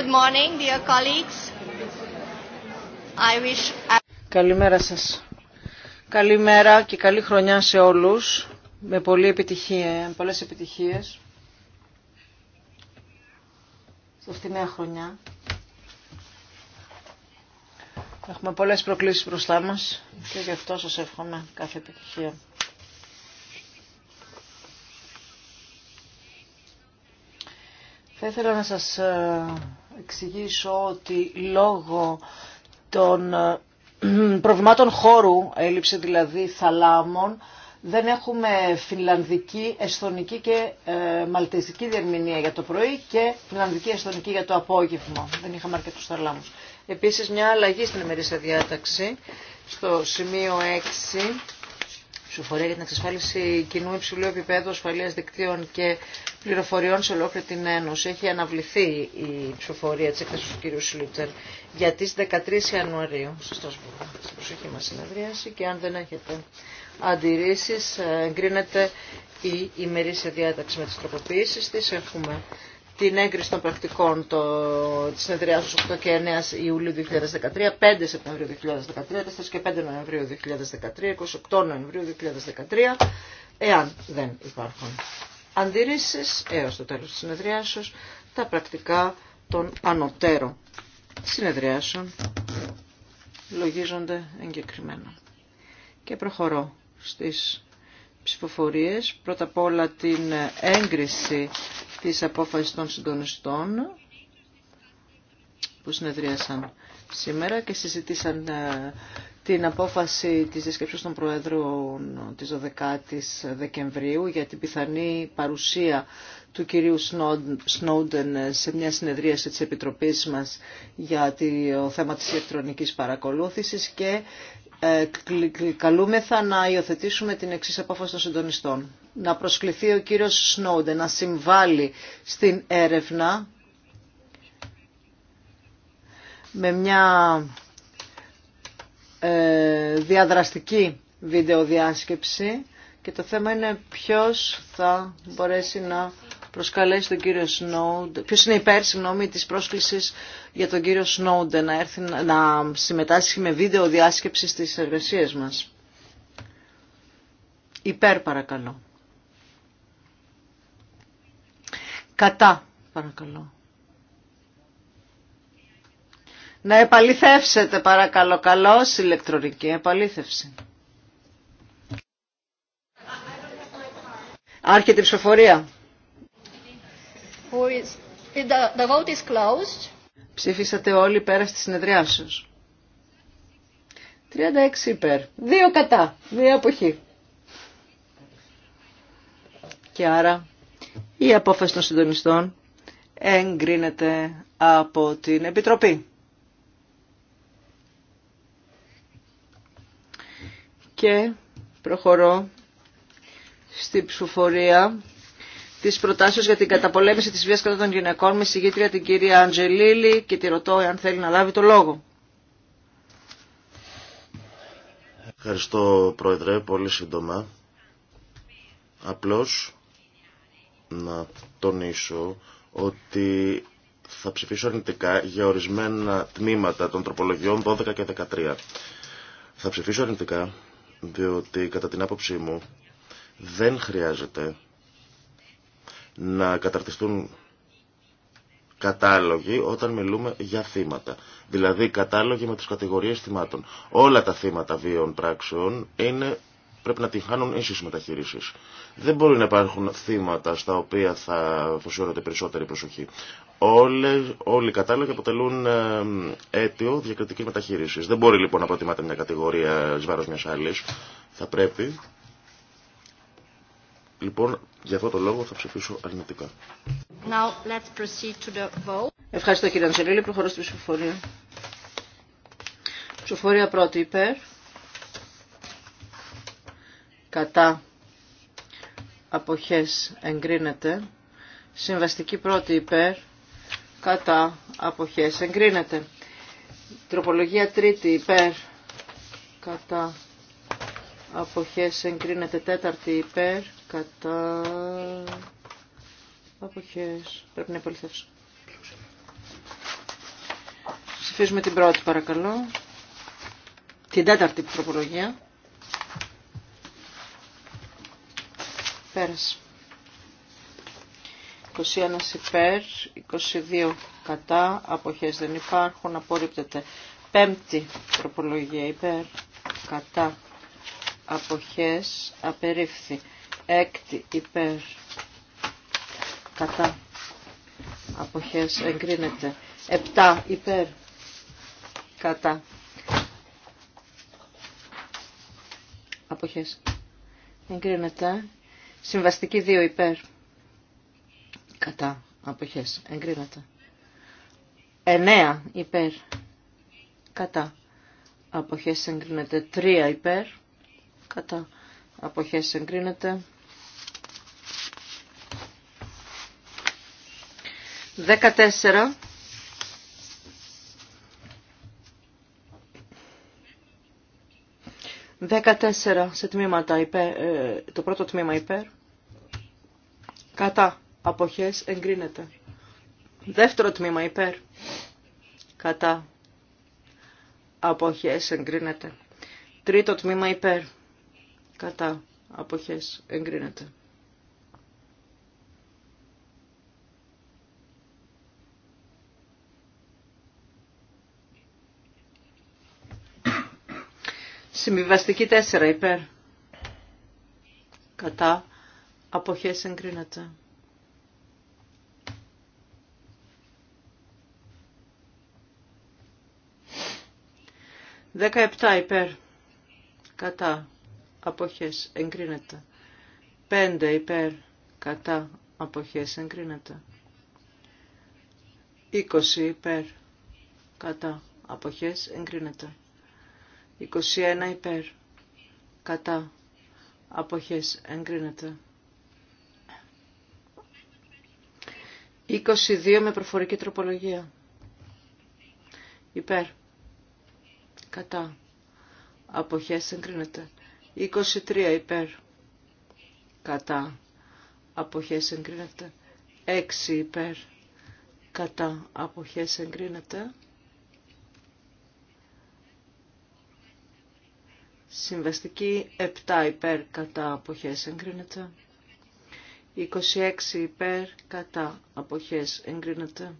Good morning, dear colleagues. I wish... Καλημέρα σας. Καλημέρα και καλή χρονιά σε όλους. Με πολλή επιτυχία, πολλές επιτυχίες. Σε αυτή χρονιά. Έχουμε πολλές προκλήσεις μπροστά μας και γι' αυτό σας εύχομαι κάθε επιτυχία. Θα ήθελα να σας ε, εξηγήσω ότι λόγω των ε, προβλημάτων χώρου, έλλειψη δηλαδή θαλάμων, δεν έχουμε φινλανδική, εσθονική και ε, μαλτεζική διερμηνία για το πρωί και φινλανδική, εσθονική για το απόγευμα. Δεν είχαμε αρκετούς θαλάμους. Επίσης μια αλλαγή στην ημερήσια διάταξη, στο σημείο 6 ψηφοφορία για την εξασφάλιση κοινού υψηλού επίπεδου ασφαλεία δικτύων και πληροφοριών σε ολόκληρη την Ένωση. Έχει αναβληθεί η ψηφοφορία τη έκθεση του κ. Σλίτσερ για τι 13 Ιανουαρίου στο Στρασβούργο. Στην προσοχή μα συνεδρίαση και αν δεν έχετε αντιρρήσει, ε, εγκρίνεται η ημερήσια διάταξη με τι τροποποιήσει τη. Έχουμε την έγκριση των πρακτικών τη της συνεδριάσεως 8 και 9 Ιουλίου 2013, 5 Σεπτεμβρίου 2013, 4 και 5 Νοεμβρίου 2013, 28 Νοεμβρίου 2013, εάν δεν υπάρχουν αντιρρήσεις έως το τέλος της συνεδριάσεως, τα πρακτικά των ανωτέρων συνεδριάσεων λογίζονται εγκεκριμένα. Και προχωρώ στις ψηφοφορίες. Πρώτα απ' όλα την έγκριση της απόφασης των συντονιστών που συνεδρίασαν σήμερα και συζητήσαν ε, την απόφαση της διασκέψης των Προέδρων της 12ης Δεκεμβρίου για την πιθανή παρουσία του κυρίου Σνόντεν σε μια συνεδρίαση της Επιτροπής μας για το θέμα της ηλεκτρονικής παρακολούθησης και καλούμεθα να υιοθετήσουμε την εξής απόφαση των συντονιστών. Να προσκληθεί ο κύριος Σνόντε να συμβάλλει στην έρευνα με μια ε, διαδραστική βιντεοδιάσκεψη και το θέμα είναι ποιος θα μπορέσει να προσκαλέσει τον κύριο Σνόντεν, ποιος είναι υπέρ, συγγνώμη, της πρόσκλησης για τον κύριο Σνόντεν να, έρθει, να συμμετάσχει με βίντεο διάσκεψη στις εργασίες μας. Υπέρ παρακαλώ. Κατά παρακαλώ. Να επαληθεύσετε παρακαλώ. Καλώς ηλεκτρονική επαλήθευση. Άρχεται η ψηφοφορία. Ψήφισατε όλοι πέρα στη σα. 36 υπέρ. 2 κατά. μια αποχή. Και άρα η απόφαση των συντονιστών εγκρίνεται από την Επιτροπή. Και προχωρώ στη ψηφοφορία τις προτάσεις για την καταπολέμηση της βίας κατά των γυναικών με συγγήτρια την κυρία Αντζελίλη και τη ρωτώ αν θέλει να λάβει το λόγο. Ευχαριστώ Πρόεδρε, πολύ σύντομα. Απλώς να τονίσω ότι θα ψηφίσω αρνητικά για ορισμένα τμήματα των τροπολογιών 12 και 13. Θα ψηφίσω αρνητικά διότι κατά την άποψή μου δεν χρειάζεται να καταρτιστούν κατάλογοι όταν μιλούμε για θύματα. Δηλαδή κατάλογοι με τις κατηγορίες θυμάτων. Όλα τα θύματα βίων πράξεων είναι, πρέπει να την χάνουν ίσως μεταχειρήσεις. Δεν μπορεί να υπάρχουν θύματα στα οποία θα αφοσιώνεται περισσότερη προσοχή. Όλες, όλοι οι κατάλογοι αποτελούν ε, αίτιο διακριτική μεταχείριση. Δεν μπορεί λοιπόν να προτιμάται μια κατηγορία ει βάρο μια άλλη. Θα πρέπει Λοιπόν, για αυτό το λόγο θα ψηφίσω αρνητικά. Now, let's to the vote. Ευχαριστώ κύριε Αντζελίλη. Προχωρώ στην ψηφοφορία. Ψηφοφορία πρώτη υπέρ. Κατά. Αποχές εγκρίνεται. Συμβαστική πρώτη υπέρ. Κατά. Αποχές εγκρίνεται. Τροπολογία τρίτη υπέρ. Κατά. Αποχές εγκρίνεται τέταρτη υπέρ κατά αποχές. Πρέπει να υπολυθεύσω. Ψηφίζουμε την πρώτη παρακαλώ. Την τέταρτη τροπολογία. Πέρασε. 21 υπέρ, 22 κατά, αποχές δεν υπάρχουν, απορρίπτεται. Πέμπτη τροπολογία υπέρ, κατά, αποχές, απερίφθη. 6 υπέρ κατά αποχές εγκρίνεται. 7 υπέρ κατά αποχές εγκρίνεται. Συμβαστική 2 υπέρ κατά αποχές εγκρίνεται. 9 υπέρ κατά αποχές εγκρίνεται. 3 υπέρ κατά αποχές εγκρίνεται. 14 σε τμήματα υπέρ, ε, το πρώτο τμήμα υπέρ, κατά αποχές εγκρίνεται. Δεύτερο τμήμα υπέρ, κατά αποχές εγκρίνεται. Τρίτο τμήμα υπέρ, κατά αποχές εγκρίνεται. Συμβιβαστική 4 υπέρ. Κατά. Αποχές εγκρίνεται. Δέκα υπέρ. Κατά. Αποχές εγκρίνεται. Πέντε υπέρ. Κατά. Αποχές εγκρίνεται. Είκοσι υπέρ. Κατά. Αποχές εγκρίνεται. 21 υπέρ. Κατά. Αποχές. Εγκρίνεται. 22 με προφορική τροπολογία. Υπέρ. Κατά. Αποχές εγκρίνεται. 23 υπέρ. Κατά. Αποχές εγκρίνεται. 6 υπέρ. Κατά. Αποχές εγκρίνεται. Συμβαστική 7 υπέρ κατά αποχές εγκρίνεται. 26 υπέρ κατά αποχές εγκρίνεται.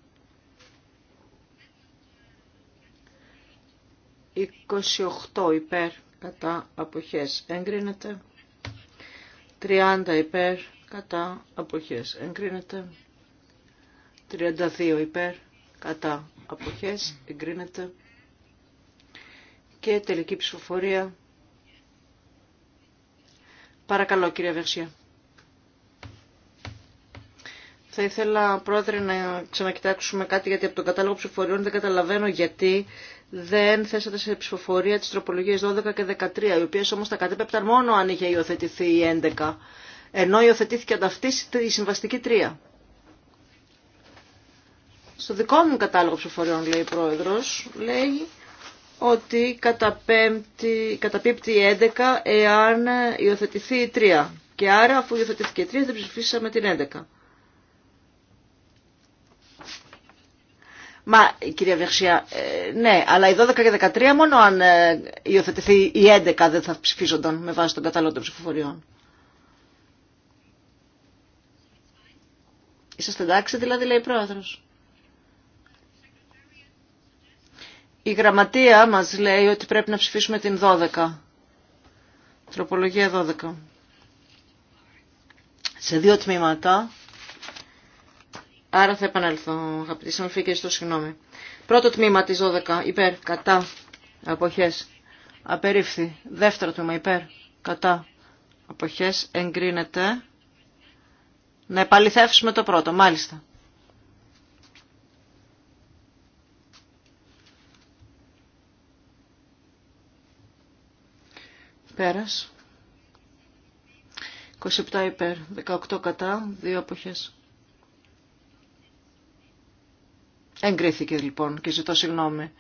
28 υπέρ κατά αποχές εγκρίνεται. 30 υπέρ κατά αποχές εγκρίνεται. 32 υπέρ κατά αποχές εγκρίνεται. Και τελική ψηφοφορία Παρακαλώ κύριε Βερσία. Θα ήθελα πρόεδρε να ξανακοιτάξουμε κάτι γιατί από τον κατάλογο ψηφοφοριών δεν καταλαβαίνω γιατί δεν θέσατε σε ψηφοφορία τις τροπολογίες 12 και 13, οι οποίες όμως τα κατέπεπταν μόνο αν είχε υιοθετηθεί η 11, ενώ υιοθετήθηκε ανταυτής η συμβαστική 3. Στο δικό μου κατάλογο ψηφοφοριών, λέει ο πρόεδρος, λέει ότι καταπίπτει καταπίπτει 11 εάν υιοθετηθεί η 3. Και άρα αφού υιοθετηθεί η 3 δεν ψηφίσαμε την 11. Μα, κυρία Βεξιά, ε, ναι, αλλά η 12 και 13 μόνο αν ε, υιοθετηθεί η 11 δεν θα ψηφίζονταν με βάση τον κατάλογο των ψηφοφοριών. Είσαστε εντάξει δηλαδή, λέει η πρόεδρος. Η γραμματεία μας λέει ότι πρέπει να ψηφίσουμε την 12. Τροπολογία 12. Σε δύο τμήματα. Άρα θα επανέλθω, αγαπητοί συνολφοί και στο συγγνώμη. Πρώτο τμήμα της 12, υπέρ, κατά, αποχές, απερίφθη. Δεύτερο τμήμα, υπέρ, κατά, αποχές, εγκρίνεται. Να επαληθεύσουμε το πρώτο, μάλιστα. Πέρας. 27 υπέρ, 18 κατά, δύο αποχές. Εγκρίθηκε λοιπόν και ζητώ συγγνώμη.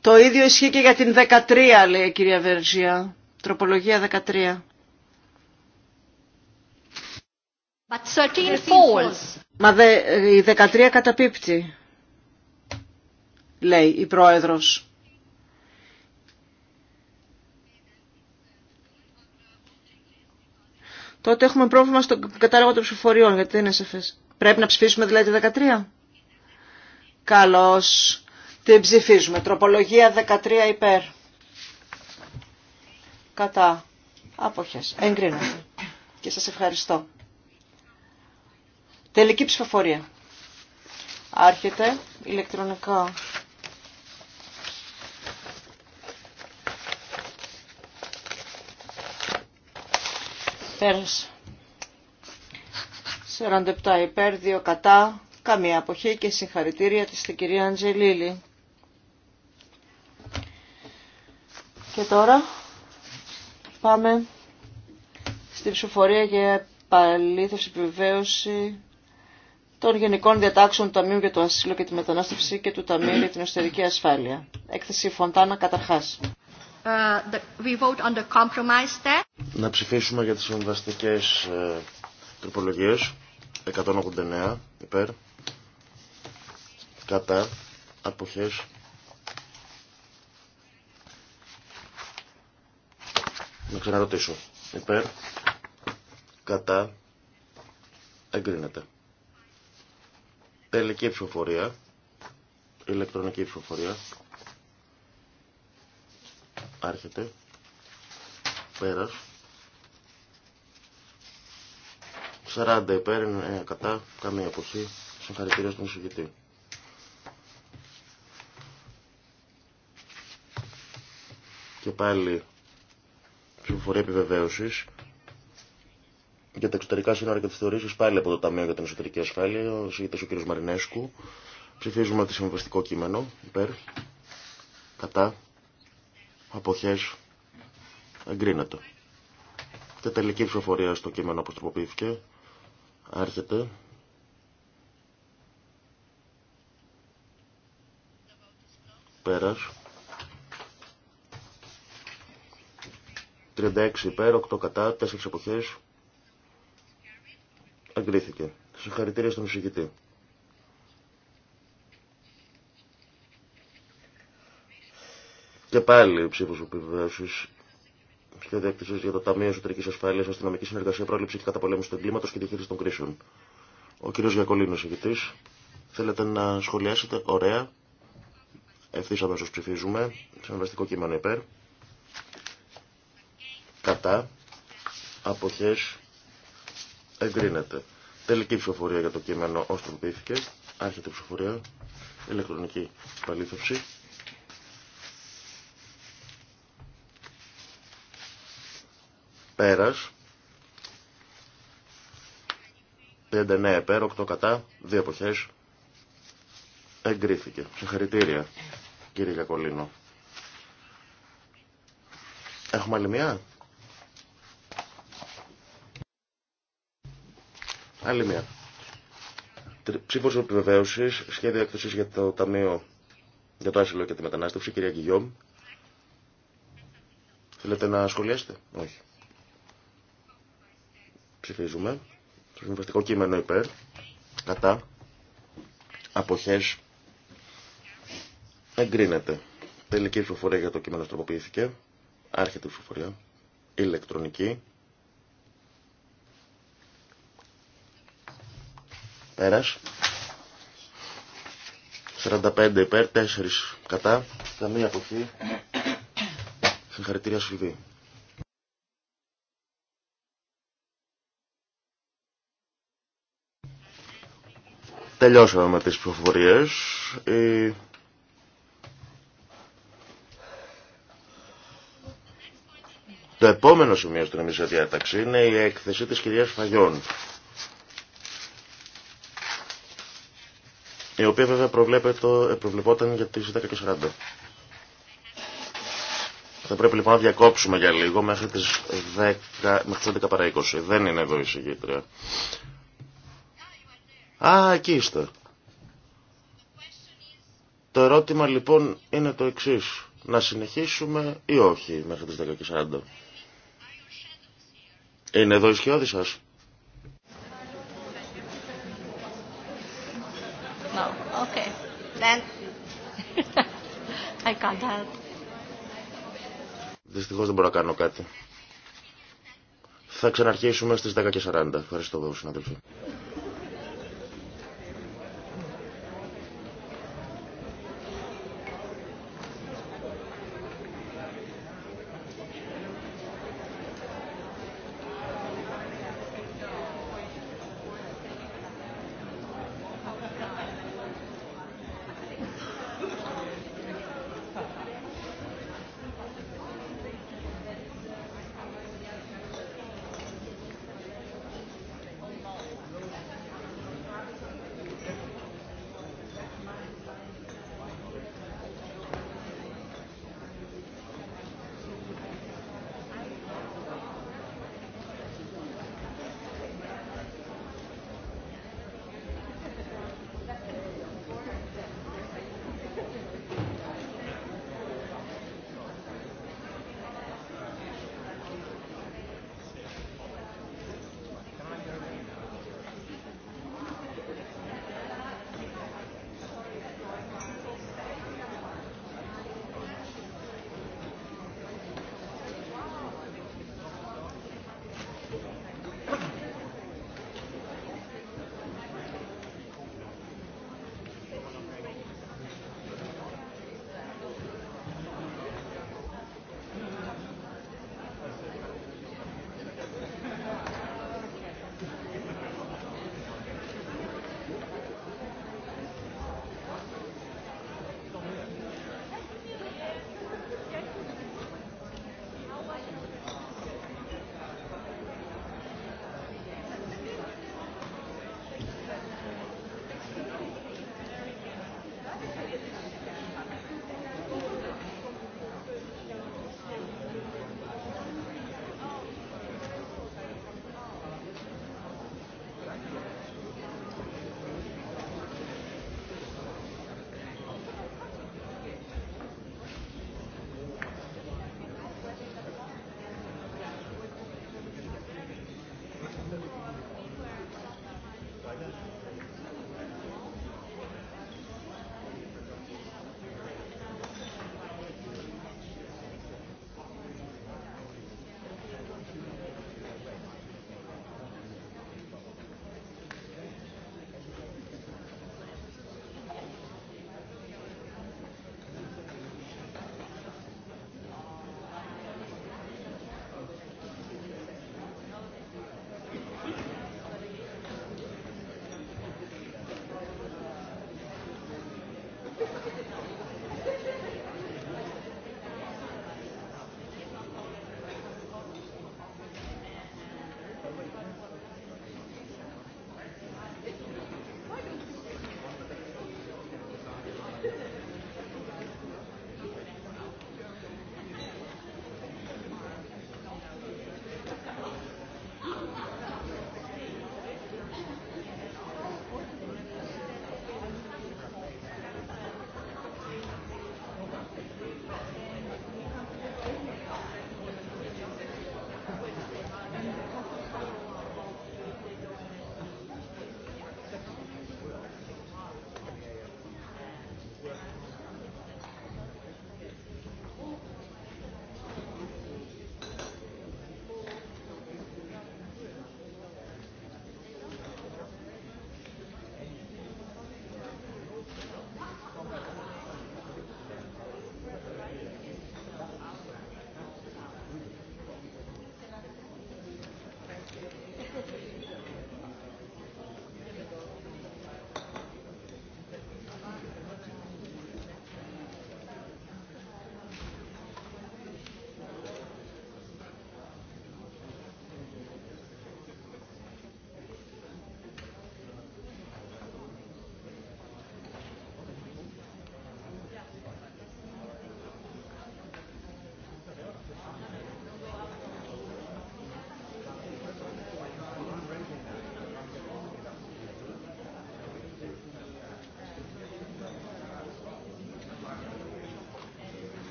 Το ίδιο ισχύει και για την 13 λέει η κυρία Βερζία. Τροπολογία 13. But Μα δε, η 13 καταπίπτει, λέει η πρόεδρος. τότε έχουμε πρόβλημα στο κατάλογο των ψηφοφοριών, γιατί δεν είναι σαφές. Πρέπει να ψηφίσουμε δηλαδή 13. Καλώς. Την ψηφίζουμε. Τροπολογία 13 υπέρ. Κατά. Αποχές. Εγκρίνομαι. Και σας ευχαριστώ. Τελική ψηφοφορία. Άρχεται ηλεκτρονικά. Πέρας. 47 υπέρ, 2 κατά, καμία αποχή και συγχαρητήρια της στην κυρία Αντζελίλη. Και τώρα πάμε στην ψηφοφορία για επαλήθευση επιβεβαίωση των Γενικών Διατάξεων του Ταμείου για το Ασύλο και τη Μετανάστευση και του Ταμείου για την Εσωτερική Ασφάλεια. Έκθεση Φοντάνα καταρχάς. Uh, we vote on the compromise να ψηφίσουμε για τις συμβαστικές ε, τροπολογίες. 189 υπέρ. Κατά. Αποχές. Να ξαναρωτήσω. Υπέρ. Κατά. Εγκρίνεται. Τελική ψηφοφορία. Ηλεκτρονική ψηφοφορία. Άρχεται. Πέρας. 40 υπέρ, 9 κατά, καμία αποχή. Συγχαρητήρια στον εισηγητή. Και πάλι ψηφοφορία επιβεβαίωση για τα εξωτερικά σύνορα και τι θεωρήσει πάλι από το Ταμείο για την Εσωτερική Ασφάλεια. Ο εισηγητή ο κ. Μαρινέσκου. Ψηφίζουμε το συμβαστικό κείμενο υπέρ, κατά, αποχέ, εγκρίνεται. Και τελική ψηφοφορία στο κείμενο που τροποποιήθηκε. Άρχεται. Πέρας. 36 υπέρ, 8 κατά, 4 εποχές. Αγκρίθηκε. Συγχαρητήρια στον εισηγητή. Και πάλι ψήφος επιβεβαίωσης σχέδιο έκθεση για το Ταμείο Εσωτερική Ασφάλεια, Αστυνομική Συνεργασία, Πρόληψη και Καταπολέμηση του Εγκλήματο και Διαχείριση των Κρίσεων. Ο κ. Γιακολίνο, ηγητή. Θέλετε να σχολιάσετε. Ωραία. Ευθύ αμέσω ψηφίζουμε. Συμβαστικό κείμενο υπέρ. Κατά. Αποχέ. Εγκρίνεται. Τελική ψηφοφορία για το κείμενο τον πήθηκε. Άρχεται η ψηφοφορία. Ηλεκτρονική παλήθευση. Πέρας. νέα πέρα, 8 κατά, 2 εποχές. Εγκρίθηκε. Συγχαρητήρια, κύριε Γιακολίνο. Έχουμε άλλη μία. Άλλη μία. Ψήφο επιβεβαίωση, σχέδιο έκθεσης για το Ταμείο για το Άσυλο και τη Μετανάστευση, κυρία Κιγιόμ. Θέλετε να σχολιάσετε, Όχι. Ψηφίζουμε. Το συμβαστικό κείμενο υπέρ. Κατά. Αποχές. Εγκρίνεται. Τελική ψηφοφορία για το κείμενο τροποποιήθηκε. Άρχεται η ψηφοφορία. Ηλεκτρονική. Πέρας. 45 υπέρ, 4 κατά. Καμία αποχή. Συγχαρητήρια σου. Τελειώσαμε με τις προφορίες. Το επόμενο σημείο στην εμείς διάταξη είναι η έκθεση της κυρίας Φαγιών. Η οποία βέβαια ε, προβλεπόταν για τις 10.40. Θα πρέπει λοιπόν να διακόψουμε για λίγο μέχρι τις 10, μέχρι τις 11 παρά 20. Δεν είναι εδώ η συγκήτρια. Α, εκεί είστε. Το ερώτημα λοιπόν είναι το εξή. Να συνεχίσουμε ή όχι μέχρι τις 10.40. Είναι εδώ η σκιώδη σας. Δυστυχώς δεν μπορώ να κάνω κάτι. Θα ξαναρχίσουμε στις 10.40. Ευχαριστώ συναδελφοί.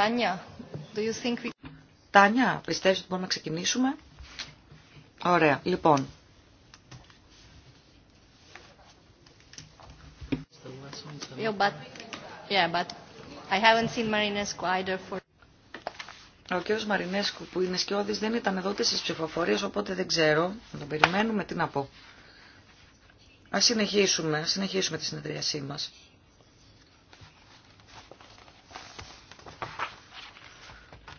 Τάνια, do you think we... Τάνια, πιστεύεις ότι μπορούμε να ξεκινήσουμε? Ωραία, λοιπόν. but, yeah, but I haven't seen Marinescu either for... Ο κ. Μαρινέσκου που είναι σκιώδης δεν ήταν εδώ ούτε στις ψηφοφορίες, οπότε δεν ξέρω. Να τον περιμένουμε, τι να πω. Ας συνεχίσουμε, ας συνεχίσουμε τη συνεδρίασή μας.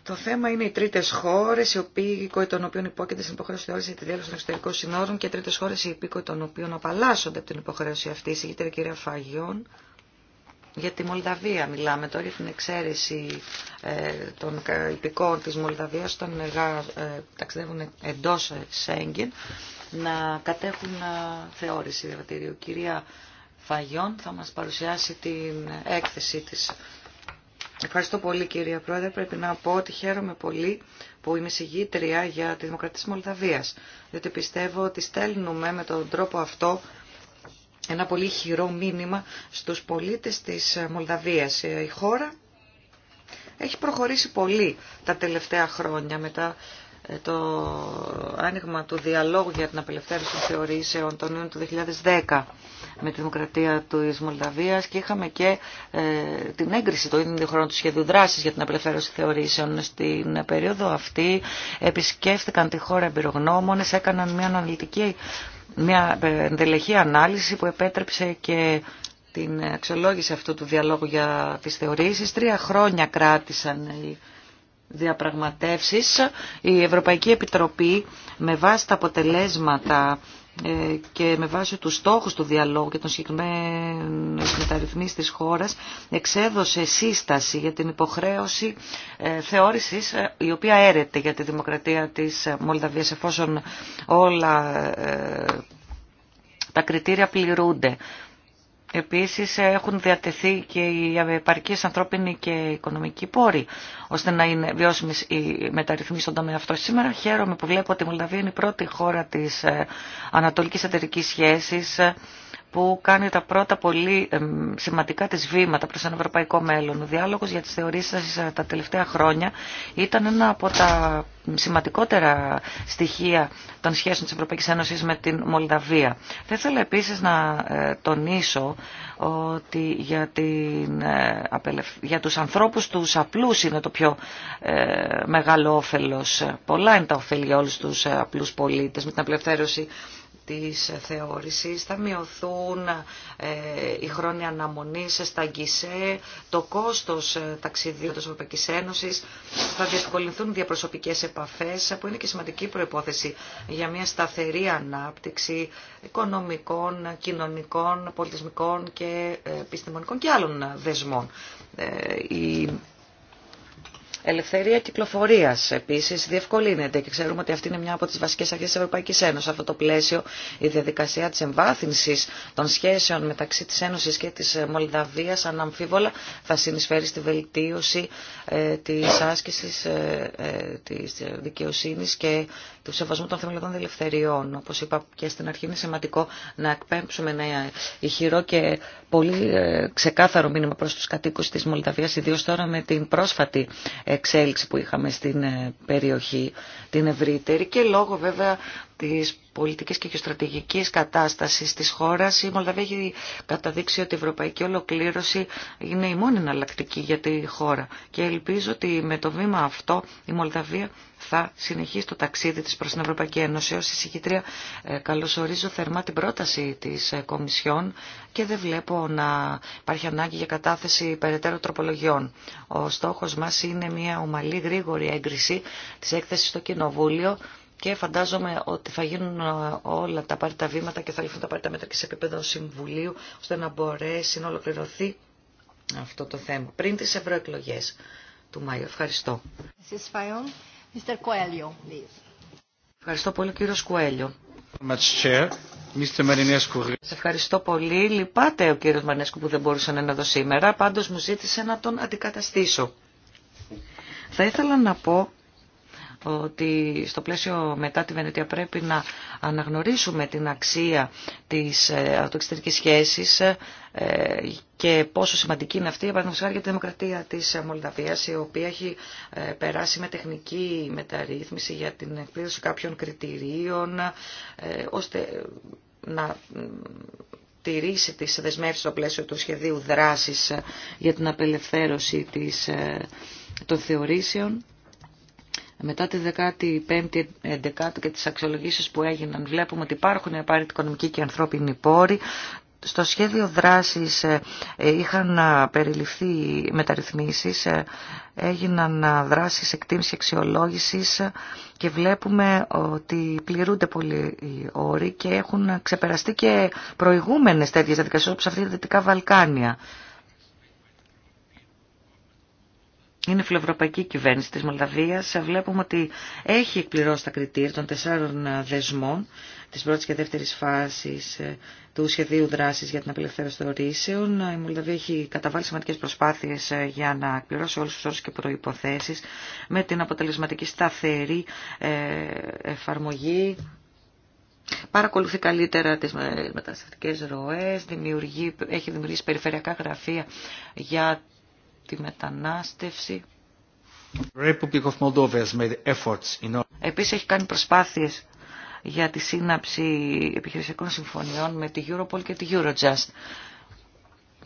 Το θέμα είναι οι τρίτε χώρε, οι οποίοι των οποίων υπόκειται στην υποχρέωση θεώρηση για τη διάρκεια των εξωτερικών συνόρων και τρίτε χώρε οι υπήκοοι των οποίων απαλλάσσονται από την υποχρέωση αυτή. Η συγκεκριμένη κυρία Φαγιών, για τη Μολδαβία μιλάμε τώρα, για την εξαίρεση ε, των υπηκών τη Μολδαβία, όταν ε, ταξιδεύουν εντό Σέγγεν, να κατέχουν ε, θεώρηση διαβατηρίου. Κυρία Φαγιών θα μας παρουσιάσει την έκθεσή της Ευχαριστώ πολύ κυρία Πρόεδρε. Πρέπει να πω ότι χαίρομαι πολύ που είμαι συγγήτρια για τη Δημοκρατία της Μολδαβίας. Διότι πιστεύω ότι στέλνουμε με τον τρόπο αυτό ένα πολύ χειρό μήνυμα στους πολίτες της Μολδαβίας. Η χώρα έχει προχωρήσει πολύ τα τελευταία χρόνια μετά ε, το άνοιγμα του διαλόγου για την απελευθέρωση θεωρήσεων τον Ιούνιο του 2010 με τη Δημοκρατία του Μολδαβίας και είχαμε και ε, την έγκριση το ίδιο χρόνο του σχέδιου δράση για την απελευθέρωση θεωρήσεων. Στην περίοδο αυτή επισκέφθηκαν τη χώρα εμπειρογνώμονε, έκαναν μια αναλυτική, μια ανάλυση που επέτρεψε και την αξιολόγηση αυτού του διαλόγου για τις θεωρήσεις. Τρία χρόνια κράτησαν οι διαπραγματεύσεις η Ευρωπαϊκή Επιτροπή με βάση τα αποτελέσματα ε, και με βάση τους στόχους του διαλόγου και των συγκεκριμένων μεταρρυθμίσεων της χώρας εξέδωσε σύσταση για την υποχρέωση ε, θεώρησης ε, η οποία έρεται για τη δημοκρατία της Μολδαβίας εφόσον όλα τα κριτήρια πληρούνται. Επίσης έχουν διατεθεί και οι επαρκείς ανθρώπινοι και οικονομικοί πόροι, ώστε να είναι βιώσιμες οι μεταρρυθμίσεις στον τομέα αυτό. Σήμερα χαίρομαι που βλέπω ότι η Μολδαβία είναι η πρώτη χώρα της ε, Ανατολικής Εταιρικής Σχέσης που κάνει τα πρώτα πολύ σημαντικά της βήματα προς ένα ευρωπαϊκό μέλλον. Ο διάλογος για τις σα ε, τα τελευταία χρόνια ήταν ένα από τα σημαντικότερα στοιχεία των σχέσεων της Ευρωπαϊκής Ένωσης με την Μολδαβία. Θα ήθελα επίσης να ε, τονίσω ότι για, την, ε, για τους ανθρώπους τους απλούς είναι το πιο μεγάλο όφελος. Πολλά είναι τα ωφέλη για όλους τους απλούς πολίτες με την απελευθέρωση της θεώρησης, θα μειωθούν ε, οι χρόνια αναμονής στα γκισέ, το κόστος ε, ταξιδίου της Ευρωπαϊκής Ένωσης, θα διευκολυνθούν διαπροσωπικές επαφές, που είναι και σημαντική προϋπόθεση για μια σταθερή ανάπτυξη οικονομικών, κοινωνικών, πολιτισμικών και ε, επιστημονικών και άλλων δεσμών. Ελευθερία κυκλοφορία επίση διευκολύνεται και ξέρουμε ότι αυτή είναι μια από τι βασικέ αρχέ τη Ευρωπαϊκή Ένωση. Αυτό το πλαίσιο, η διαδικασία τη εμβάθυνση των σχέσεων μεταξύ τη Ένωση και τη Μολδαβία αναμφίβολα θα συνεισφέρει στη βελτίωση ε, τη άσκηση ε, ε τη δικαιοσύνη και του σεβασμού των θεμελιωδών ελευθεριών. όπω είπα και στην αρχή είναι σημαντικό να εκπέμψουμε ένα ηχηρό και πολύ ε, ξεκάθαρο μήνυμα προς τους κατοίκου της Μολδαβία, ιδιω τώρα με την πρόσφατη εξέλιξη που είχαμε στην ε, περιοχή την ευρύτερη και λόγω βέβαια της πολιτικής και γεωστρατηγικής κατάστασης της χώρας, η Μολδαβία έχει καταδείξει ότι η ευρωπαϊκή ολοκλήρωση είναι η μόνη εναλλακτική για τη χώρα. Και ελπίζω ότι με το βήμα αυτό η Μολδαβία θα συνεχίσει το ταξίδι της προς την Ευρωπαϊκή Ένωση. Ως εισηγητρία ε, καλωσορίζω θερμά την πρόταση της ε, Κομισιόν και δεν βλέπω να υπάρχει ανάγκη για κατάθεση περαιτέρω τροπολογιών. Ο στόχος μας είναι μια ομαλή γρήγορη έγκριση τη έκθεση στο Κοινοβούλιο και φαντάζομαι ότι θα γίνουν ε, όλα τα πάρτα βήματα και θα ληφθούν τα πάρτα μέτρα και σε επίπεδο Συμβουλίου ώστε να μπορέσει να ολοκληρωθεί αυτό το θέμα πριν τις ευρωεκλογέ του Μάιου. Ευχαριστώ. Ευχαριστώ πολύ κύριο Σκουέλιο. Σε ευχαριστώ πολύ. Λυπάται ο κύριος Μανέσκου που δεν μπορούσε να είναι εδώ σήμερα, πάντως μου ζήτησε να τον αντικαταστήσω. Θα ήθελα να πω ότι στο πλαίσιο μετά τη Βενετία πρέπει να αναγνωρίσουμε την αξία της ε, αυτοεξωτερικής σχέσης ε, και πόσο σημαντική είναι αυτή, παραδείγματος για τη δημοκρατία της Μολδαβίας, η οποία έχει ε, περάσει με τεχνική μεταρρύθμιση για την εκπλήρωση κάποιων κριτηρίων, ώστε να τηρήσει τις δεσμεύσεις στο πλαίσιο του σχεδίου δράσης για την απελευθέρωση της, των θεωρήσεων μετά τη 15η, 11η και τις αξιολογήσεις που έγιναν βλέπουμε ότι υπάρχουν απαραίτητοι οικονομικοί και ανθρώπινοι πόροι. Στο σχέδιο δράσης ε, ε, είχαν ε, περιληφθεί μεταρρυθμίσεις, έγιναν δράσεις εκτίμησης αξιολόγησης και βλέπουμε ότι πληρούνται πολλοί οι όροι και έχουν ξεπεραστεί και προηγούμενες τέτοιες διαδικασίες όπως αυτή Δυτικά Βαλκάνια. είναι φιλοευρωπαϊκή κυβέρνηση της Μολδαβίας. Βλέπουμε ότι έχει εκπληρώσει τα κριτήρια των τεσσάρων ε, δεσμών της πρώτης και δεύτερης φάσης ε, του σχεδίου δράσης για την απελευθέρωση των ορίσεων. Η Μολδαβία έχει καταβάλει σημαντικές προσπάθειες ε, για να εκπληρώσει όλους τους όρους και προϋποθέσεις με την αποτελεσματική σταθερή εφαρμογή Παρακολουθεί καλύτερα τις μεταναστευτικές ροές, δημιουργεί, έχει δημιουργήσει περιφερειακά γραφεία για τη μετανάστευση. Επίσης έχει κάνει προσπάθειες για τη σύναψη επιχειρησιακών συμφωνιών με τη Europol και τη Eurojust.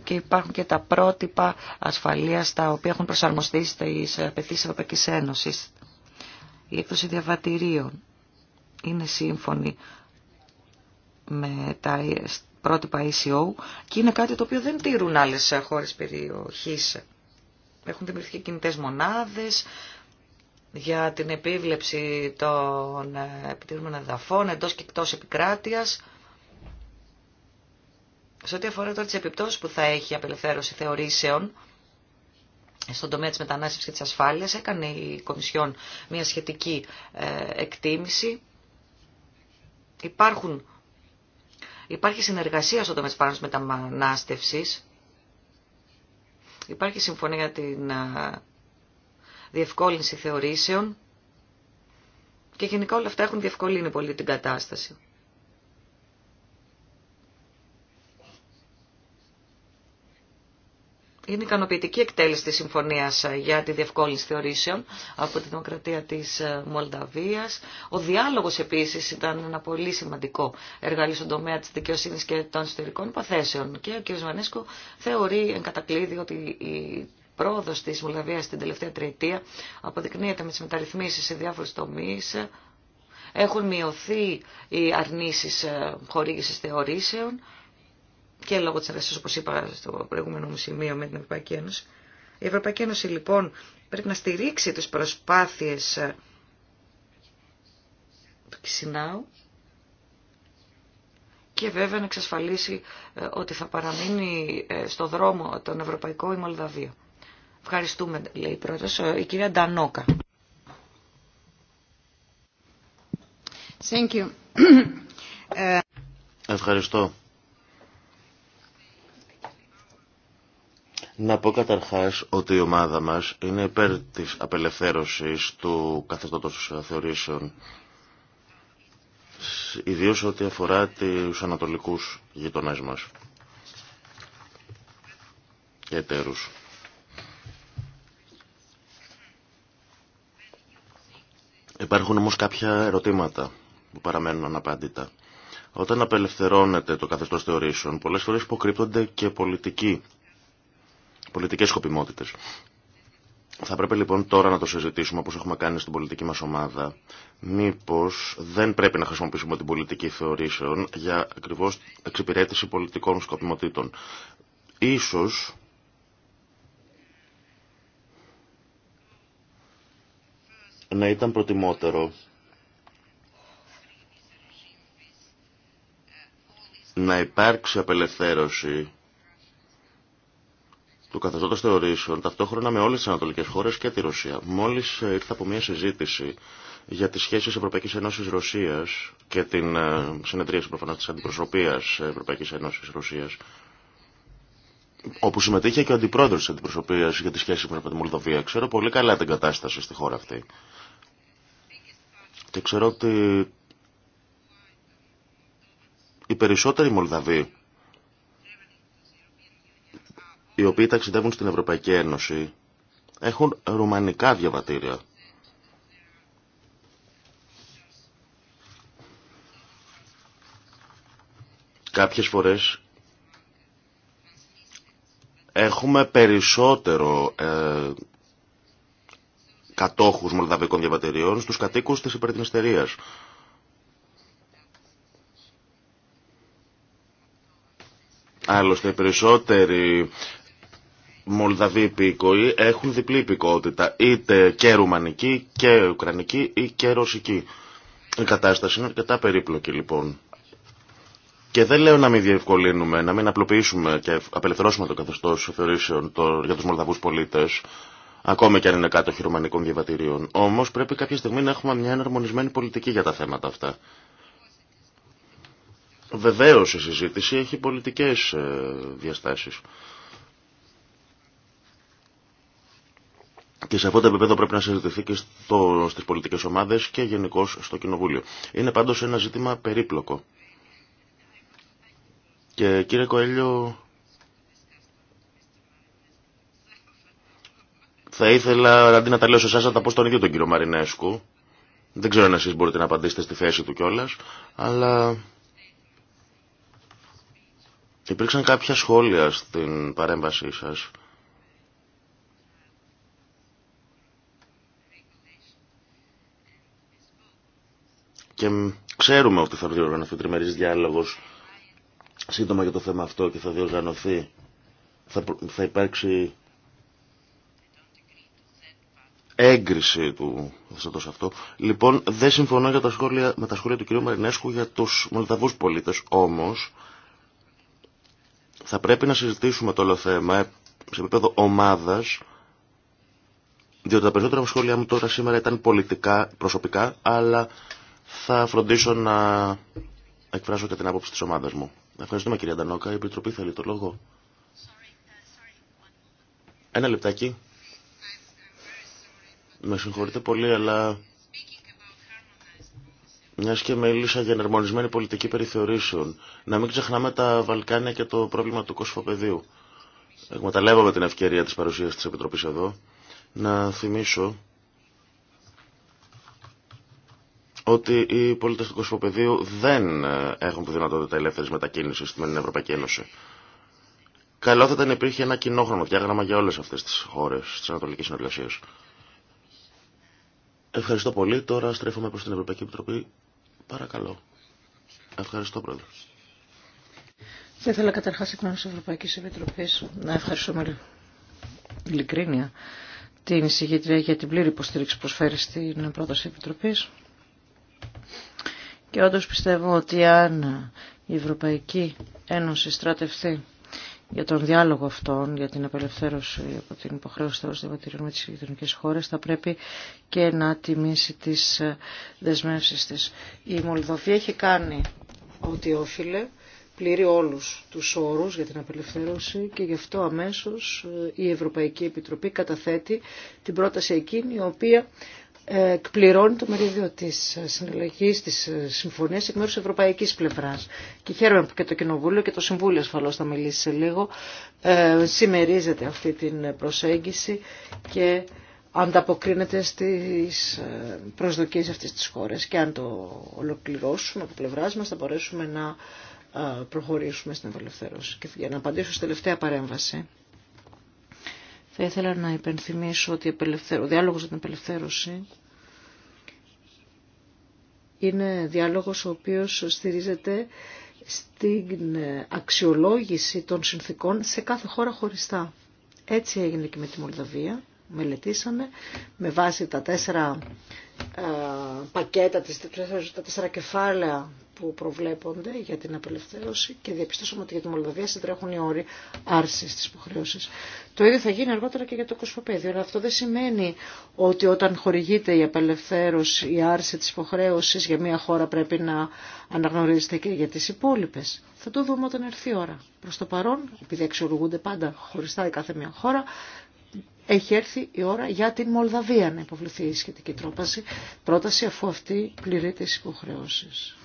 Και υπάρχουν και τα πρότυπα ασφαλείας τα οποία έχουν προσαρμοστεί στις απαιτήσεις Ευρωπαϊκής Ένωσης. Η έκδοση διαβατηρίων είναι σύμφωνη με τα πρότυπα ECO και είναι κάτι το οποίο δεν τήρουν άλλες χώρες περιοχής έχουν δημιουργηθεί κινητέ μονάδες για την επίβλεψη των ε, επιτυγμένων εδαφών εντό και εκτός επικράτειας. Σε ό,τι αφορά τώρα τι επιπτώσει που θα έχει η απελευθέρωση θεωρήσεων, στον τομέα τη μετανάστευση και τη ασφάλειας έκανε η Κομισιόν μια σχετική ε, εκτίμηση. Υπάρχουν, υπάρχει συνεργασία στον τομέα τη μετανάστευση Υπάρχει συμφωνία για την διευκόλυνση θεωρήσεων και γενικά όλα αυτά έχουν διευκολύνει πολύ την κατάσταση. είναι ικανοποιητική εκτέλεση της συμφωνίας ε, για τη διευκόλυνση θεωρήσεων από τη Δημοκρατία της ε, Μολδαβίας. Ο διάλογος επίσης ήταν ένα πολύ σημαντικό εργαλείο στον τομέα της δικαιοσύνης και των εσωτερικών υποθέσεων. Και ο κ. Βανέσκο θεωρεί εν κατακλείδη ότι η πρόοδος της Μολδαβίας στην τελευταία τριετία αποδεικνύεται με τις μεταρρυθμίσεις σε διάφορους τομείς. Έχουν μειωθεί οι αρνήσεις ε, χορήγησης θεωρήσεων και λόγω της εργασίας, όπως είπα στο προηγούμενο μου σημείο με την Ευρωπαϊκή Ένωση. Η Ευρωπαϊκή Ένωση λοιπόν πρέπει να στηρίξει τις προσπάθειες ε, του Κισινάου και βέβαια να εξασφαλίσει ε, ότι θα παραμείνει ε, στο δρόμο τον Ευρωπαϊκό η Μολδαβία. Ευχαριστούμε, λέει η πρόεδρος, η κυρία Ντανόκα. Thank you. Ευχαριστώ. Να πω καταρχάς ότι η ομάδα μας είναι υπέρ της απελευθέρωσης του καθεστώτος θεωρήσεων ιδίως ό,τι αφορά τους ανατολικούς γειτονές μας και εταίρους. Υπάρχουν όμως κάποια ερωτήματα που παραμένουν αναπάντητα. Όταν απελευθερώνεται το καθεστώς θεωρήσεων, πολλές φορές υποκρύπτονται και πολιτικοί πολιτικές σκοπιμότητες. Θα πρέπει λοιπόν τώρα να το συζητήσουμε όπως έχουμε κάνει στην πολιτική μας ομάδα. Μήπως δεν πρέπει να χρησιμοποιήσουμε την πολιτική θεωρήσεων για ακριβώς εξυπηρέτηση πολιτικών σκοπιμοτήτων. Ίσως να ήταν προτιμότερο να υπάρξει απελευθέρωση του καθεστώτος θεωρήσεων ταυτόχρονα με όλες τις ανατολικές χώρες και τη Ρωσία. Μόλις ε, ήρθα από μια συζήτηση για τις σχέσεις Ευρωπαϊκής Ένωσης Ρωσίας και την ε, συνεδρίαση προφανώς της αντιπροσωπείας Ευρωπαϊκής Ένωσης Ρωσίας όπου συμμετείχε και ο αντιπρόεδρος της αντιπροσωπείας για τις σχέσεις με τη Μολδοβία. Ξέρω πολύ καλά την κατάσταση στη χώρα αυτή. Και ξέρω ότι οι περισσότεροι Μολδαβοί οι οποίοι ταξιδεύουν στην Ευρωπαϊκή Ένωση έχουν ρουμανικά διαβατήρια. Κάποιες φορές έχουμε περισσότερο ε, κατόχους μολδαβικών διαβατηριών στους κατοίκους της υπερδυναστερίας. Άλλωστε, οι περισσότεροι Μολδαβοί υπήκοοι έχουν διπλή υπηκότητα, είτε και ρουμανική και ουκρανική ή και ρωσική. Η κατάσταση είναι αρκετά περίπλοκη λοιπόν. Και δεν λέω να μην διευκολύνουμε, να μην απλοποιήσουμε και απελευθερώσουμε το καθεστώ θεωρήσεων το, για του Μολδαβού πολίτε, ακόμη και αν είναι κάτω ρουμανικών διαβατηρίων. Όμω πρέπει κάποια στιγμή να έχουμε μια εναρμονισμένη πολιτική για τα θέματα αυτά. Βεβαίω η συζήτηση έχει πολιτικέ ε, διαστάσει. Και σε αυτό το επίπεδο πρέπει να συζητηθεί και στι στις πολιτικές ομάδες και γενικώ στο Κοινοβούλιο. Είναι πάντω ένα ζήτημα περίπλοκο. Και κύριε Κοέλιο, θα ήθελα αντί να τα λέω σε εσά, να τα πω στον ίδιο τον κύριο Μαρινέσκου. Δεν ξέρω αν εσεί μπορείτε να απαντήσετε στη θέση του κιόλα, αλλά υπήρξαν κάποια σχόλια στην παρέμβασή σας Και ξέρουμε ότι θα διοργανωθεί τριμερής διάλογος σύντομα για το θέμα αυτό και θα διοργανωθεί, θα, θα υπάρξει έγκριση του σε αυτό. Λοιπόν, δεν συμφωνώ για τα σχόλια, με τα σχόλια του κ. Μαρινέσκου για τους Μολδαβούς πολίτες, όμως θα πρέπει να συζητήσουμε το όλο θέμα σε επίπεδο ομάδας, διότι τα περισσότερα σχόλια μου τώρα σήμερα ήταν πολιτικά, προσωπικά, αλλά θα φροντίσω να εκφράσω και την άποψη της ομάδας μου. Ευχαριστούμε κυρία Ντανόκα. Η Επιτροπή θέλει το λόγο. Ένα λεπτάκι. Με συγχωρείτε πολύ, αλλά μια και μίλησα για εναρμονισμένη πολιτική περιθεωρήσεων, να μην ξεχνάμε τα Βαλκάνια και το πρόβλημα του κοσφοπεδίου. Εκμεταλλεύομαι την ευκαιρία της παρουσίας της Επιτροπής εδώ να θυμίσω ότι οι πολίτε του κοσμοπεδίου δεν ε, έχουν τη δυνατότητα ελεύθερη μετακίνηση στην Ευρωπαϊκή Ένωση. Καλό θα ήταν υπήρχε ένα κοινό διάγραμμα για όλε αυτέ τι χώρε τη Ανατολική Συνεργασία. Ευχαριστώ πολύ. Τώρα στρέφομαι προ την Ευρωπαϊκή Επιτροπή. Παρακαλώ. Ευχαριστώ, Πρόεδρε. Θα ήθελα καταρχά εκ μέρου τη Ευρωπαϊκή Επιτροπή να ευχαριστώ με ειλικρίνεια την εισηγήτρια για την πλήρη υποστήριξη που προσφέρει στην πρόταση Επιτροπής. Και όντως πιστεύω ότι αν η Ευρωπαϊκή Ένωση στρατευτεί για τον διάλογο αυτόν, για την απελευθέρωση από την υποχρέωση των δημοτηρίων με τι γειτονικές χώρε, θα πρέπει και να τιμήσει τις ε, δεσμεύσεις της. Η Μολδοβία έχει κάνει ό,τι όφιλε, πλήρει όλους τους όρους για την απελευθέρωση και γι' αυτό αμέσως ε, η Ευρωπαϊκή Επιτροπή καταθέτει την πρόταση εκείνη η οποία εκπληρώνει το μερίδιο της ε, συναλλαγής της ε, συμφωνίας εκ μέρους ευρωπαϊκής πλευράς. Και χαίρομαι που και το Κοινοβούλιο και το Συμβούλιο ασφαλώς θα μιλήσει σε λίγο. Ε, συμμερίζεται αυτή την προσέγγιση και ανταποκρίνεται στις ε, προσδοκίες αυτής της χώρας. Και αν το ολοκληρώσουμε από πλευράς μας θα μπορέσουμε να προχωρήσουμε στην απελευθέρωση. Και για να απαντήσω στη τελευταία παρέμβαση. Θα ήθελα να υπενθυμίσω ότι ο διάλογος για την απελευθέρωση είναι διάλογος ο οποίος στηρίζεται στην αξιολόγηση των συνθήκων σε κάθε χώρα χωριστά. Έτσι έγινε και με τη Μολδαβία. Μελετήσαμε με βάση τα τέσσερα ε, πακέτα, τα τέσσερα κεφάλαια που προβλέπονται για την απελευθέρωση και διαπιστώσαμε ότι για τη Μολδαβία συντρέχουν οι όροι άρση τη υποχρέωση. Το ίδιο θα γίνει αργότερα και για το κοσμοπέδιο. Αλλά αυτό δεν σημαίνει ότι όταν χορηγείται η απελευθέρωση, η άρση τη υποχρέωση για μια χώρα πρέπει να αναγνωρίζεται και για τι υπόλοιπε. Θα το δούμε όταν έρθει η ώρα. Προ το παρόν, επειδή αξιολογούνται πάντα χωριστά η κάθε μια χώρα, έχει έρθει η ώρα για την Μολδαβία να υποβληθεί η σχετική τρόπαση, πρόταση αφού αυτή πληρεί τις υποχρεώσεις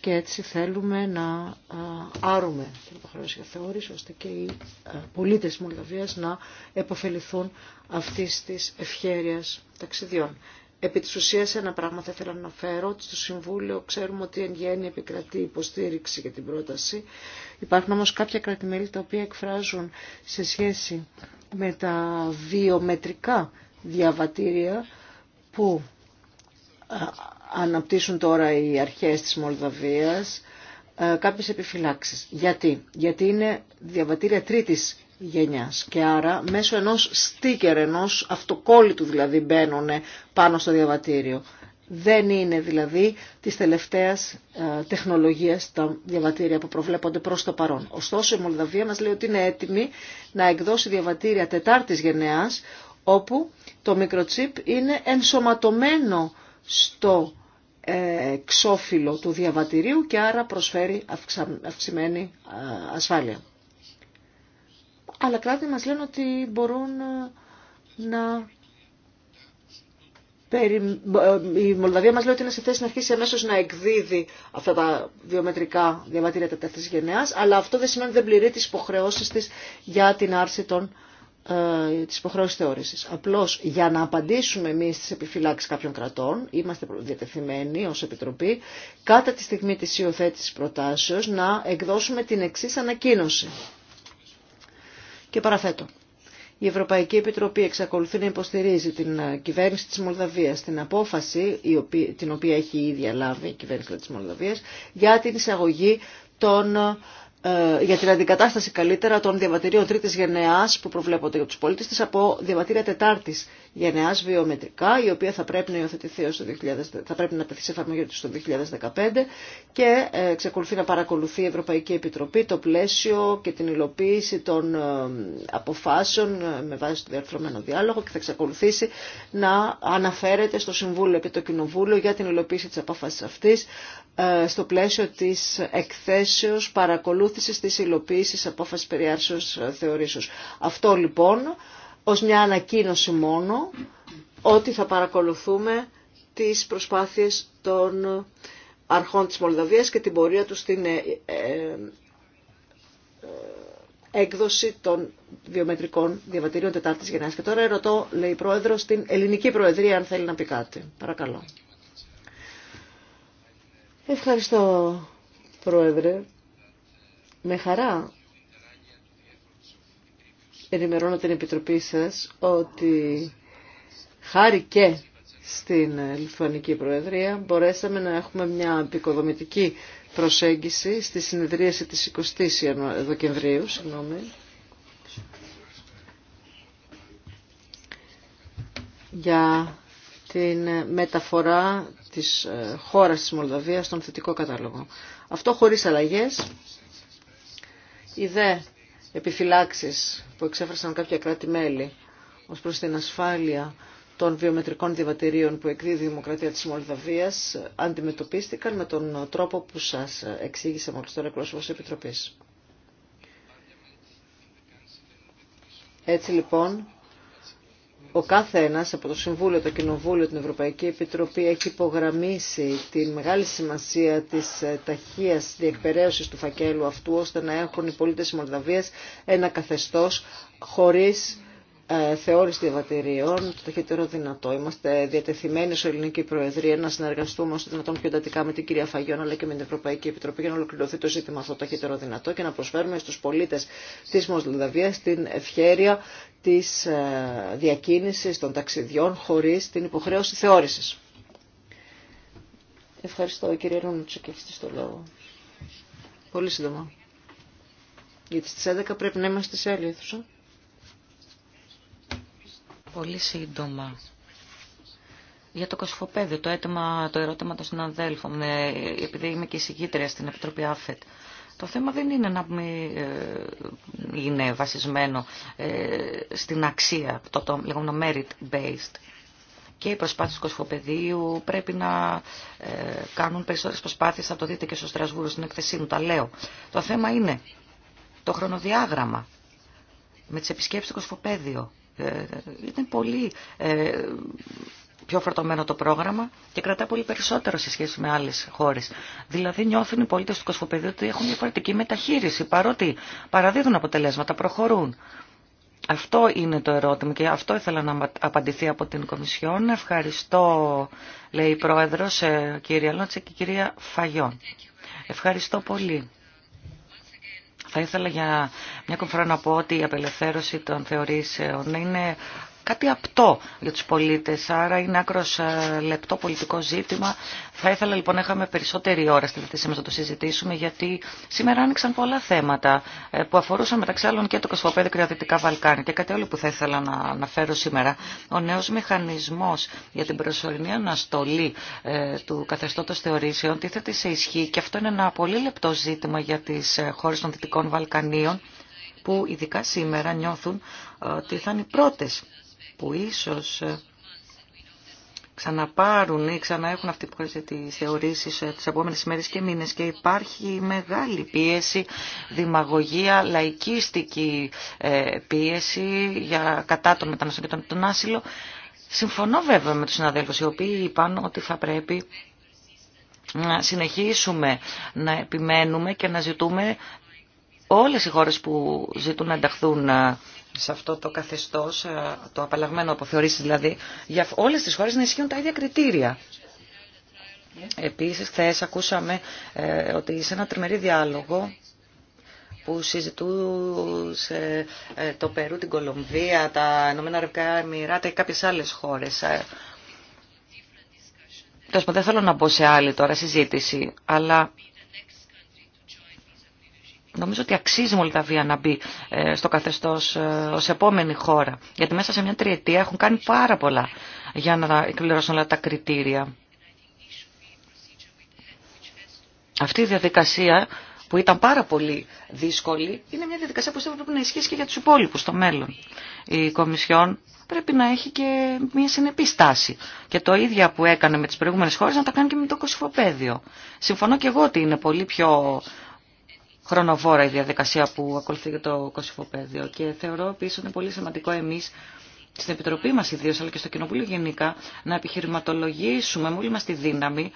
και έτσι θέλουμε να άρουμε την υποχρεώση για θεώρηση ώστε και οι πολίτες της Μολδαβίας να επωφεληθούν αυτής της ευχέρειας ταξιδιών. Επί της ουσίας ένα πράγμα θα ήθελα να φέρω ότι στο Συμβούλιο ξέρουμε ότι εν γέννη επικρατεί υποστήριξη για την πρόταση. Υπάρχουν όμως κάποια κρατημέλη τα οποία εκφράζουν σε σχέση με τα βιομετρικά διαβατήρια που αναπτύσσουν τώρα οι αρχές της Μολδαβίας ε, κάποιες επιφυλάξεις. Γιατί? Γιατί είναι διαβατήρια τρίτης γενιάς και άρα μέσω ενός στίκερ, ενός αυτοκόλλητου δηλαδή μπαίνουν ε, πάνω στο διαβατήριο. Δεν είναι δηλαδή της τελευταίας ε, τεχνολογίας τα διαβατήρια που προβλέπονται προς το παρόν. Ωστόσο η Μολδαβία μας λέει ότι είναι έτοιμη να εκδώσει διαβατήρια τετάρτης γενιάς όπου το μικροτσίπ είναι ενσωματωμένο στο ε, εξώφυλλο του διαβατηρίου και άρα προσφέρει αυξημένη ασφάλεια. Αλλά κράτη μας λένε ότι μπορούν ε, να... Ε, η Μολδαβία μας λέει ότι είναι σε θέση να αρχίσει αμέσως να εκδίδει αυτά τα βιομετρικά διαβατήρια τέταρτης γενεάς, αλλά αυτό δεν σημαίνει ότι δεν πληρεί τις υποχρεώσεις της για την άρση των ε, τις υποχρεώσεις θεώρησης. Απλώς για να απαντήσουμε εμείς στις επιφυλάξεις κάποιων κρατών, είμαστε διατεθειμένοι ως Επιτροπή, κατά τη στιγμή της υιοθέτησης προτάσεως, να εκδώσουμε την εξή ανακοίνωση. Και παραθέτω. Η Ευρωπαϊκή Επιτροπή εξακολουθεί να υποστηρίζει την κυβέρνηση της Μολδαβίας την απόφαση την οποία έχει ήδη λάβει η κυβέρνηση της Μολδαβίας για την εισαγωγή των ε, για την αντικατάσταση καλύτερα των διαβατηρίων Τρίτη γενεάς που προβλέπονται για του πολίτες τη από διαβατήρια τετάρτη γενεάς βιομετρικά, η οποία θα πρέπει να υιοθετηθεί 2000, θα πρέπει να τεθεί σε εφαρμογή του το 2015 και ε, εξακολουθεί να παρακολουθεί η Ευρωπαϊκή Επιτροπή το πλαίσιο και την υλοποίηση των ε, αποφάσεων με βάση το διαρθρωμένο διάλογο και θα εξακολουθήσει να αναφέρεται στο Συμβούλιο και το Κοινοβούλιο για την υλοποίηση της απόφαση αυτή στο πλαίσιο τη εκθέσεω παρακολούθηση Τη τη υλοποίηση απόφασης περί ε, Αυτό λοιπόν ω μια ανακοίνωση μόνο ότι θα παρακολουθούμε τι προσπάθειες των αρχών τη Μολδαβία και την πορεία του στην ε, ε, έκδοση των βιομετρικών διαβατηρίων τετάρτης γενιά. Και τώρα ερωτώ, λέει η πρόεδρο την ελληνική Προεδρία αν θέλει να πει κάτι. Παρακαλώ. Ευχαριστώ, Πρόεδρε με χαρά ενημερώνω την Επιτροπή σας ότι χάρη και στην Λιθουανική Προεδρία μπορέσαμε να έχουμε μια επικοδομητική προσέγγιση στη συνεδρίαση της 20ης Δεκεμβρίου, για την μεταφορά της ε, χώρας της Μολδαβίας στον θετικό κατάλογο. Αυτό χωρίς αλλαγές οι δε επιφυλάξεις που εξέφρασαν κάποια κράτη-μέλη ως προς την ασφάλεια των βιομετρικών διαβατηρίων που εκδίδει η Δημοκρατία της Μολδαβίας αντιμετωπίστηκαν με τον τρόπο που σας εξήγησε μόλι τώρα εκπρόσωπος Επιτροπής. Έτσι λοιπόν, ο κάθε ένας από το Συμβούλιο, το Κοινοβούλιο, την Ευρωπαϊκή Επιτροπή έχει υπογραμμίσει τη μεγάλη σημασία της ε, ταχείας διεκπαιρέωσης του φακέλου αυτού ώστε να έχουν οι πολίτες της Μολδαβίας ένα καθεστώς χωρίς θεώρηση διαβατηρίων το ταχύτερο δυνατό. Είμαστε διατεθειμένοι σε ελληνική προεδρία να συνεργαστούμε όσο δυνατόν πιο εντατικά με την κυρία Φαγιών αλλά και με την Ευρωπαϊκή Επιτροπή για να ολοκληρωθεί το ζήτημα αυτό το ταχύτερο δυνατό και να προσφέρουμε στου πολίτε τη Μοσλαβία την ευχέρεια της ε, διακίνηση των ταξιδιών χωρί την υποχρέωση θεώρηση. Ευχαριστώ κύριε και έχετε το λόγο. Πολύ σύντομα. Γιατί στις 11 πρέπει να είμαστε σε άλλη αίθουσα πολύ σύντομα. Για το κοσφοπέδιο, το, το ερώτημα των συναδέλφων, επειδή είμαι και εισηγήτρια στην Επιτροπή ΑΦΕΤ. Το θέμα δεν είναι να μην ε, είναι βασισμένο ε, στην αξία, το, λεγόμενο merit-based. Και οι προσπάθειες του κοσφοπεδίου πρέπει να ε, κάνουν περισσότερες προσπάθειες, θα το δείτε και στο Στρασβούργο στην εκθεσή μου, τα λέω. Το θέμα είναι το χρονοδιάγραμμα με τις επισκέψεις του κοσφοπέδιου ήταν ε, πολύ ε, πιο φορτωμένο το πρόγραμμα και κρατά πολύ περισσότερο σε σχέση με άλλες χώρες. Δηλαδή νιώθουν οι πολίτες του Κοσμοπεδίου ότι έχουν διαφορετική μεταχείριση, παρότι παραδίδουν αποτελέσματα, προχωρούν. Αυτό είναι το ερώτημα και αυτό ήθελα να απαντηθεί από την Κομισιόν. Ευχαριστώ, λέει η Πρόεδρος, ε, κυρία Λότσε και κυρία Φαγιόν. Ευχαριστώ πολύ. Θα ήθελα για μια κομφρά να πω ότι η απελευθέρωση των θεωρήσεων είναι κάτι απτό για τους πολίτες, άρα είναι άκρος ε, λεπτό πολιτικό ζήτημα. Θα ήθελα λοιπόν να είχαμε περισσότερη ώρα στη θέση να το συζητήσουμε, γιατί σήμερα άνοιξαν πολλά θέματα ε, που αφορούσαν μεταξύ άλλων και το Κοσμοπέδιο και Βαλκάνια. Και κάτι άλλο που θα ήθελα να αναφέρω σήμερα, ο νέος μηχανισμός για την προσωρινή αναστολή ε, του καθεστώτο θεωρήσεων τίθεται σε ισχύ και αυτό είναι ένα πολύ λεπτό ζήτημα για τις χώρες των Δυτικών Βαλκανίων που ειδικά σήμερα νιώθουν ότι θα είναι οι πρώτες που ίσως ε, ξαναπάρουν ή ξαναέχουν αυτή τη που χρειάζεται τις θεωρήσεις ε, τις επόμενες μέρες και μήνες και υπάρχει μεγάλη πίεση, δημαγωγία, λαϊκίστικη ε, πίεση για κατά τον μεταναστών και τον άσυλο. Συμφωνώ βέβαια με τους συναδέλφους οι οποίοι είπαν ότι θα πρέπει να συνεχίσουμε να επιμένουμε και να ζητούμε όλες οι χώρες που ζητούν να ενταχθούν σε αυτό το καθεστώ, ε, το απαλλαγμένο από δηλαδή, για όλες τις χώρες να ισχύουν τα ίδια κριτήρια. Επίσης, χθε ακούσαμε ε, ότι σε ένα τριμερή διάλογο που συζητούσε ε, το Περού, την Κολομβία, τα Ηνωμένα Αραβικά Εμμυράτα και κάποιες άλλες χώρες. δεν θέλω να μπω σε άλλη τώρα συζήτηση, αλλά Νομίζω ότι αξίζει η Μολδαβία να μπει ε, στο καθεστώς ε, ως επόμενη χώρα. Γιατί μέσα σε μια τριετία έχουν κάνει πάρα πολλά για να εκπληρώσουν όλα τα κριτήρια. Αυτή η διαδικασία που ήταν πάρα πολύ δύσκολη είναι μια διαδικασία που πρέπει να ισχύσει και για τους υπόλοιπους στο μέλλον. Η Κομισιόν πρέπει να έχει και μια συνεπή στάση. Και το ίδιο που έκανε με τις προηγούμενες χώρες να τα κάνει και με το κοσυφοπαίδιο. Συμφωνώ και εγώ ότι είναι πολύ πιο χρονοβόρα η διαδικασία που ακολουθεί για το κοσυφοπαίδιο και θεωρώ επίση ότι είναι πολύ σημαντικό εμεί, στην Επιτροπή μα ιδίω, αλλά και στο Κοινοβούλιο γενικά να επιχειρηματολογήσουμε με όλη μα τη δύναμη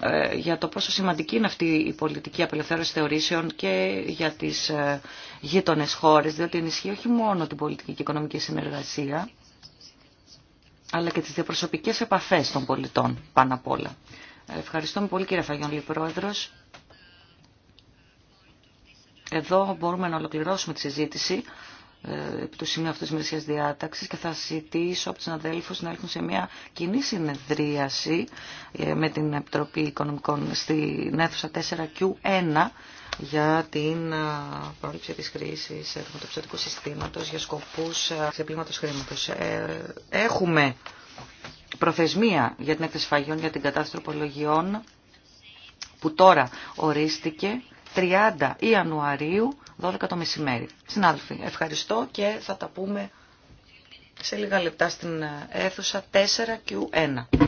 ε, για το πόσο σημαντική είναι αυτή η πολιτική απελευθέρωση θεωρήσεων και για τις ε, γείτονε χώρε, διότι ενισχύει όχι μόνο την πολιτική και οικονομική συνεργασία, αλλά και τις διαπροσωπικές επαφές των πολιτών πάνω απ' όλα. Ευχαριστώ πολύ κύριε Φαγιόνλη Πρόεδρος. Εδώ μπορούμε να ολοκληρώσουμε τη συζήτηση ε, επί του σημείου αυτής της μερικής διάταξης και θα ζητήσω από τους αδέλφους να έρθουν σε μια κοινή συνεδρίαση ε, με την Επιτροπή Οικονομικών στην αίθουσα 4Q1 για την ε, πρόληψη της κρίσης του ψηφιακού συστήματος για σκοπούς ξεπλήματος χρήματος. Έχουμε προθεσμία για την έκθεση φαγιών για την κατάσταση τροπολογιών που τώρα ορίστηκε 30 Ιανουαρίου, 12 το μεσημέρι. Συνάδελφοι, ευχαριστώ και θα τα πούμε σε λίγα λεπτά στην ε, αίθουσα 4Q1.